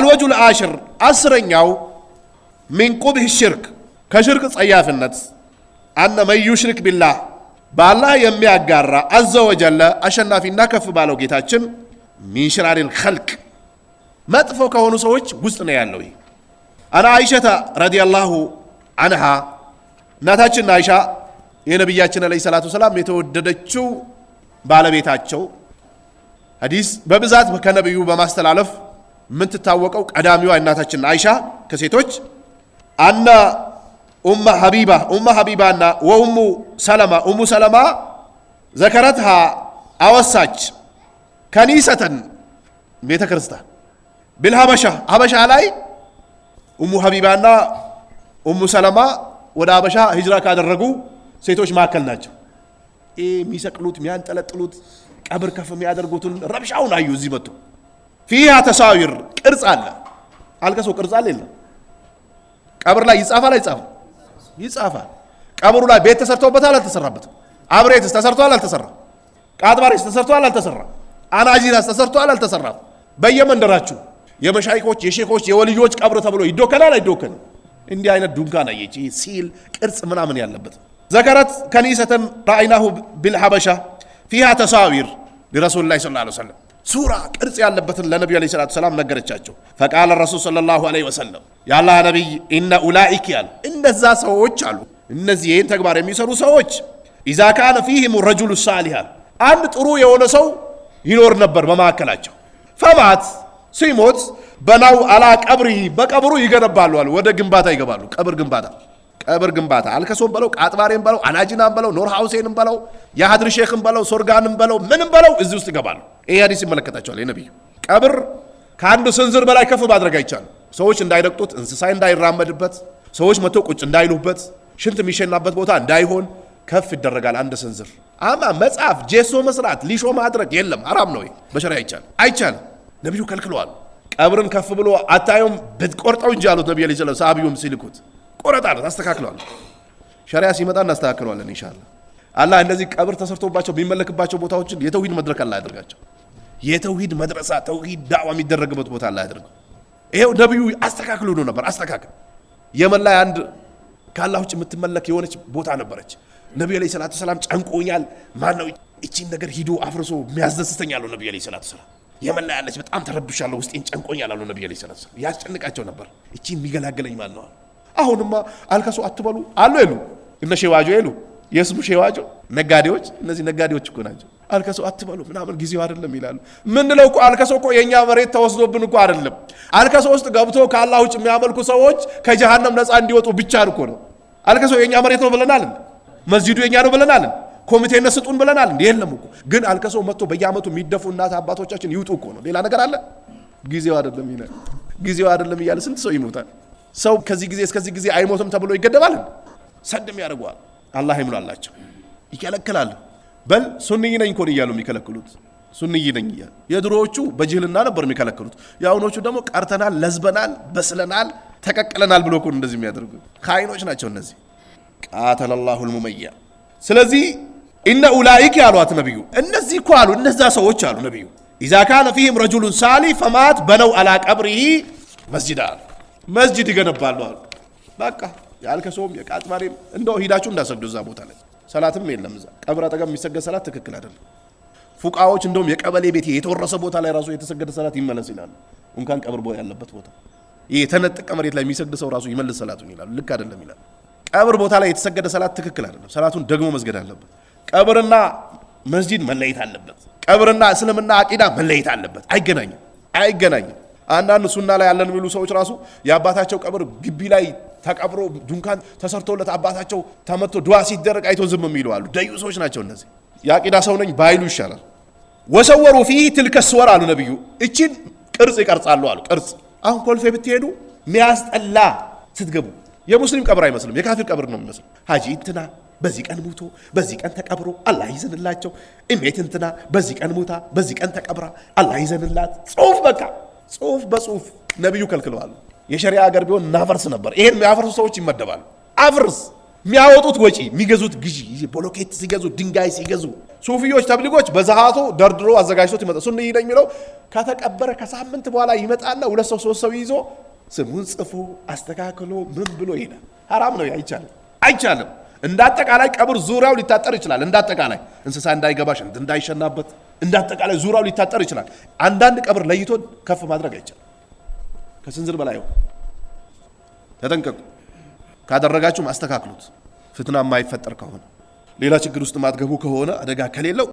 አልወጁል አሽር አስረኛው ሚን ቁብህ ሽርክ ከሽርክ ጸያፍነት አነ መን ዩሽሪክ ቢላህ በአላህ የሚያጋራ አዘ ወጀለ አሸናፊና ከፍ ባለው ጌታችን ሚን ሽራሪል ኸልቅ መጥፎ ከሆኑ ሰዎች ውስጥ ነው ያለው። አነ አና አይሸተ ረዲየላሁ አንሃ እናታችን አይሻ የነቢያችን ዓለይሂ ሰላቱ ሰላም የተወደደችው ባለቤታቸው ሐዲስ በብዛት ከነቢዩ በማስተላለፍ የምትታወቀው ቀዳሚዋ እናታችን አይሻ ከሴቶች አና ኡመ ሀቢባ ኡመ ሀቢባና ወኡሙ ሰለማ ኡሙ ሰለማ ዘከረትሃ አወሳች ከኒሰተን ቤተ ክርስቲያን ብልሀበሻ ሀበሻ ላይ ኡሙ ሀቢባና ኡሙ ሰለማ ወደ ሀበሻ ሂጅራ ካደረጉ ሴቶች መካከል ናቸው። ይህ የሚሰቅሉት የሚያንጠለጥሉት ቀብር ከፍ የሚያደርጉትን ረብሻውን አዩ እዚህ መጥቶ ፊሃ ተሳዊር ቅርጽ አለ። አልከሰው ቅርጽ አለ የለም። ቀብር ላይ ይጻፋል አይጻፍም? ይጻፋል። ቀብሩ ላይ ቤት ተሰርቶበታል አልተሰራበትም? አብሬትስ ተሰርቷል አልተሰራ? ቃጥባሬስ ተሰርቷል አልተሰራ? አናዚራስ ተሰርቷል አልተሰራም? በየመንደራችሁ የመሻይኮች የሼኮች የወልዮች ቀብር ተብሎ ይዶከናል አይዶከንም? እንዲህ አይነት ዱንካን አየች። ሲል ቅርጽ ምናምን ያለበት ዘከረት ከኒሰተን ረአይናሁ ቢልሐበሻ ፊሃ ተሳዊር ሊረሱል ላይ ስ ላ ሰለም ሱራ ቅርጽ ያለበትን ለነቢዩ ዐለይሂ ሰላቱ ሰላም ነገረቻቸው። ፈቃለ ረሱል ሰለላሁ ዐለይሂ ወሰለም የአላህ ነቢይ ኢነ ኡላኢክ ያሉ እነዛ ሰዎች አሉ። እነዚህ ይህን ተግባር የሚሰሩ ሰዎች ኢዛ ካነ ፊህም ረጁሉ ሳሊህ አንድ ጥሩ የሆነ ሰው ይኖር ነበር በመካከላቸው። ፈማት ሲሞት በናው አላ ቀብሪ በቀብሩ ይገነባሉ አሉ። ወደ ግንባታ ይገባሉ፣ ቀብር ግንባታ ቀብር ግንባታ አልከሶም በለው ቃጥባሬም በለው አላጂናም በለው ኖር ሐውሴንም በለው የሀድር ሼክም በለው ሶርጋንም በለው ምንም በለው እዚህ ውስጥ ይገባሉ። ይህ ሀዲስ ይመለከታቸዋል። ነቢዩ ቀብር ከአንዱ ስንዝር በላይ ከፍ ማድረግ አይቻልም። ሰዎች እንዳይረግጡት፣ እንስሳይ እንዳይራመድበት፣ ሰዎች መቶ ቁጭ እንዳይሉበት፣ ሽንት የሚሸናበት ቦታ እንዳይሆን ከፍ ይደረጋል አንድ ስንዝር። አማ መጽሐፍ ጄሶ መስራት ሊሾ ማድረግ የለም አራም ነው በሸሪያ አይቻል አይቻልም። ነቢዩ ከልክለዋል። ቀብርን ከፍ ብሎ አታዩም ብትቆርጠው እንጂ አሉት ነቢ ለ ሰለም ሰሃቢዩም ሲልኩት ቆረጣለ አለት ሸሪያ ሲመጣ እናስተካክለዋለን ኢንሻአላህ። አላህ እንደዚህ ቀብር ተሰርቶባቸው የሚመለክባቸው ቦታዎችን የተውሂድ መድረክ አላህ ያደርጋቸው። የተውሂድ መድረሳ ተውሂድ ዳዕዋ የሚደረግበት ቦታ አላህ ያደርገው። ይሄው ነቢዩ አስተካክሉ ነው ነበር አስተካክል። የመን ላይ አንድ ከአላህ ውጭ የምትመለክ የሆነች ቦታ ነበረች። ነቢዩ ዓለይሂ ሰላቱ ሰላም ጨንቆኛል፣ ማን ነው እቺን ነገር ሂዶ አፍርሶ የሚያስደስተኝ አለው ነቢዩ ዓለይሂ ሰላቱ ሰላም። የመን ላይ ያለች በጣም ተረብሻለሁ፣ ውስጤን ጨንቆኛል አሉ ነቢዩ ዓለይሂ ሰላቱ ሰላም። ያስጨንቃቸው ነበር፣ እቺን የሚገላገለኝ ማን ነው አሁንማ አልከሱ አትበሉ አሉ የሉ እነ ሼዋጆ የሉ የስሙ ሼዋጆ ነጋዴዎች፣ እነዚህ ነጋዴዎች እኮ ናቸው። አልከሶ አትበሉ ምናምን ጊዜው አይደለም ይላሉ። ምንለው እኮ አልከሶ እኮ የእኛ መሬት ተወስዶብን እኮ አይደለም። አልከሶ ውስጥ ገብቶ ከአላህ ውጭ የሚያመልኩ ሰዎች ከጀሃነም ነፃ እንዲወጡ ብቻ እኮ ነው። አልከሶ የእኛ መሬት ነው ብለናል። መስጂዱ የእኛ ነው ብለናል። ኮሚቴነት ስጡን ብለናል። የለም እኮ ግን አልከሶ መጥቶ በየአመቱ የሚደፉ እናት አባቶቻችን ይውጡ እኮ ነው። ሌላ ነገር አለ? ጊዜው አይደለም ይላል። ጊዜው አይደለም እያለ ስንት ሰው ይሞታል። ሰው ከዚህ ጊዜ እስከዚህ ጊዜ አይሞትም ተብሎ ይገደባል። ሰድም ያደርገዋል። አላህ ይምላላቸው፣ ይከለክላል። በል ሱንይ ነኝ ኮን እያሉ የሚከለክሉት ሱንይ ነኝ እያሉ የድሮዎቹ በጅህልና ነበር የሚከለክሉት። የአሁኖቹ ደግሞ ቀርተናል፣ ለዝበናል፣ በስለናል፣ ተቀቅለናል ብሎ ኮን እንደዚህ የሚያደርጉ ከአይኖች ናቸው እነዚህ። ቃተለ ላሁ ልሙመያ ስለዚህ እነ ኡላይክ አሏት ነቢዩ። እነዚህ እኮ አሉ እነዛ ሰዎች አሉ ነቢዩ ኢዛ ካነ ፊህም ረጁሉን ሳሊ ፈማት በነው አላ ቀብሪሂ መስጅዳ አሉ መስጂድ ይገነባሉ አሉ። በቃ የአልከሰውም የቃጥባሬም እንደው ሂዳችሁ እንዳሰግዱ እዛ ቦታ ላይ ሰላትም የለም። እዛ ቀብር አጠገብ የሚሰገድ ሰላት ትክክል አይደለም። ፉቃዎች እንደውም የቀበሌ ቤት የተወረሰ ቦታ ላይ ራሱ የተሰገደ ሰላት ይመለስ ይላሉ። እንኳን ቀብር ቦታ ያለበት ቦታ ይህ የተነጠቀ መሬት ላይ የሚሰግድ ሰው ራሱ ይመልስ ሰላቱን ይላሉ። ልክ አይደለም ይላሉ። ቀብር ቦታ ላይ የተሰገደ ሰላት ትክክል አይደለም። ሰላቱን ደግሞ መስገድ አለበት። ቀብርና መስጂድ መለየት አለበት። ቀብርና እስልምና አቂዳ መለየት አለበት። አይገናኝም፣ አይገናኝም። አንዳንድ ሱና ላይ ያለን የሚሉ ሰዎች ራሱ የአባታቸው ቀብር ግቢ ላይ ተቀብሮ ዱንካን ተሰርቶለት አባታቸው ተመቶ ድዋ ሲደረግ አይቶ ዝም የሚሉ አሉ። ሰዎች ናቸው እነዚህ። የአቂዳ ሰው ነኝ ባይሉ ይሻላል። ወሰወሩ ፊህ ትልከ ስወር አሉ ነቢዩ። እችን ቅርጽ ይቀርጻሉ አሉ። ቅርጽ አሁን ኮልፌ ብትሄዱ ሚያስጠላ ስትገቡ የሙስሊም ቀብር አይመስልም፣ የካፊር ቀብር ነው የሚመስል። ሀጂ እንትና በዚህ ቀን ሙቶ በዚህ ቀን ተቀብሮ አላህ ይዘንላቸው፣ እሜት እንትና በዚህ ቀን ሙታ በዚህ ቀን ተቀብራ አላህ ይዘንላት። ጽሁፍ በቃ ጽሁፍ በጽሁፍ ነቢዩ ከልክለዋል። የሸሪያ ሀገር ቢሆን እናፈርስ ነበር። ይሄን የሚያፈርሱ ሰዎች ይመደባሉ። አፍርስ የሚያወጡት ወጪ የሚገዙት ግዢ ቦሎኬት ሲገዙ ድንጋይ ሲገዙ ሱፊዎች ተብሊጎች በዛሃቱ ደርድሮ አዘጋጅቶት ይመጣ ሱኒ ነኝ የሚለው ከተቀበረ ከሳምንት በኋላ ይመጣና ሁለት ሰው ሶስት ሰው ይዞ ስሙን ጽፎ አስተካክሎ ምን ብሎ ይሄዳል። ሀራም ነው። አይቻልም፣ አይቻልም። እንደ አጠቃላይ ቀብር ዙሪያው ሊታጠር ይችላል። እንዳጠቃላይ እንስሳ እንዳይገባሽ እንዳይሸናበት፣ እንደ አጠቃላይ ዙሪያው ሊታጠር ይችላል። አንዳንድ ቀብር ለይቶ ከፍ ማድረግ አይቻልም። ከስንዝር በላይ ተጠንቀቁ። ካደረጋችሁ ማስተካክሉት፣ ፍትና የማይፈጠር ከሆነ ሌላ ችግር ውስጥ ማትገቡ ከሆነ አደጋ ከሌለው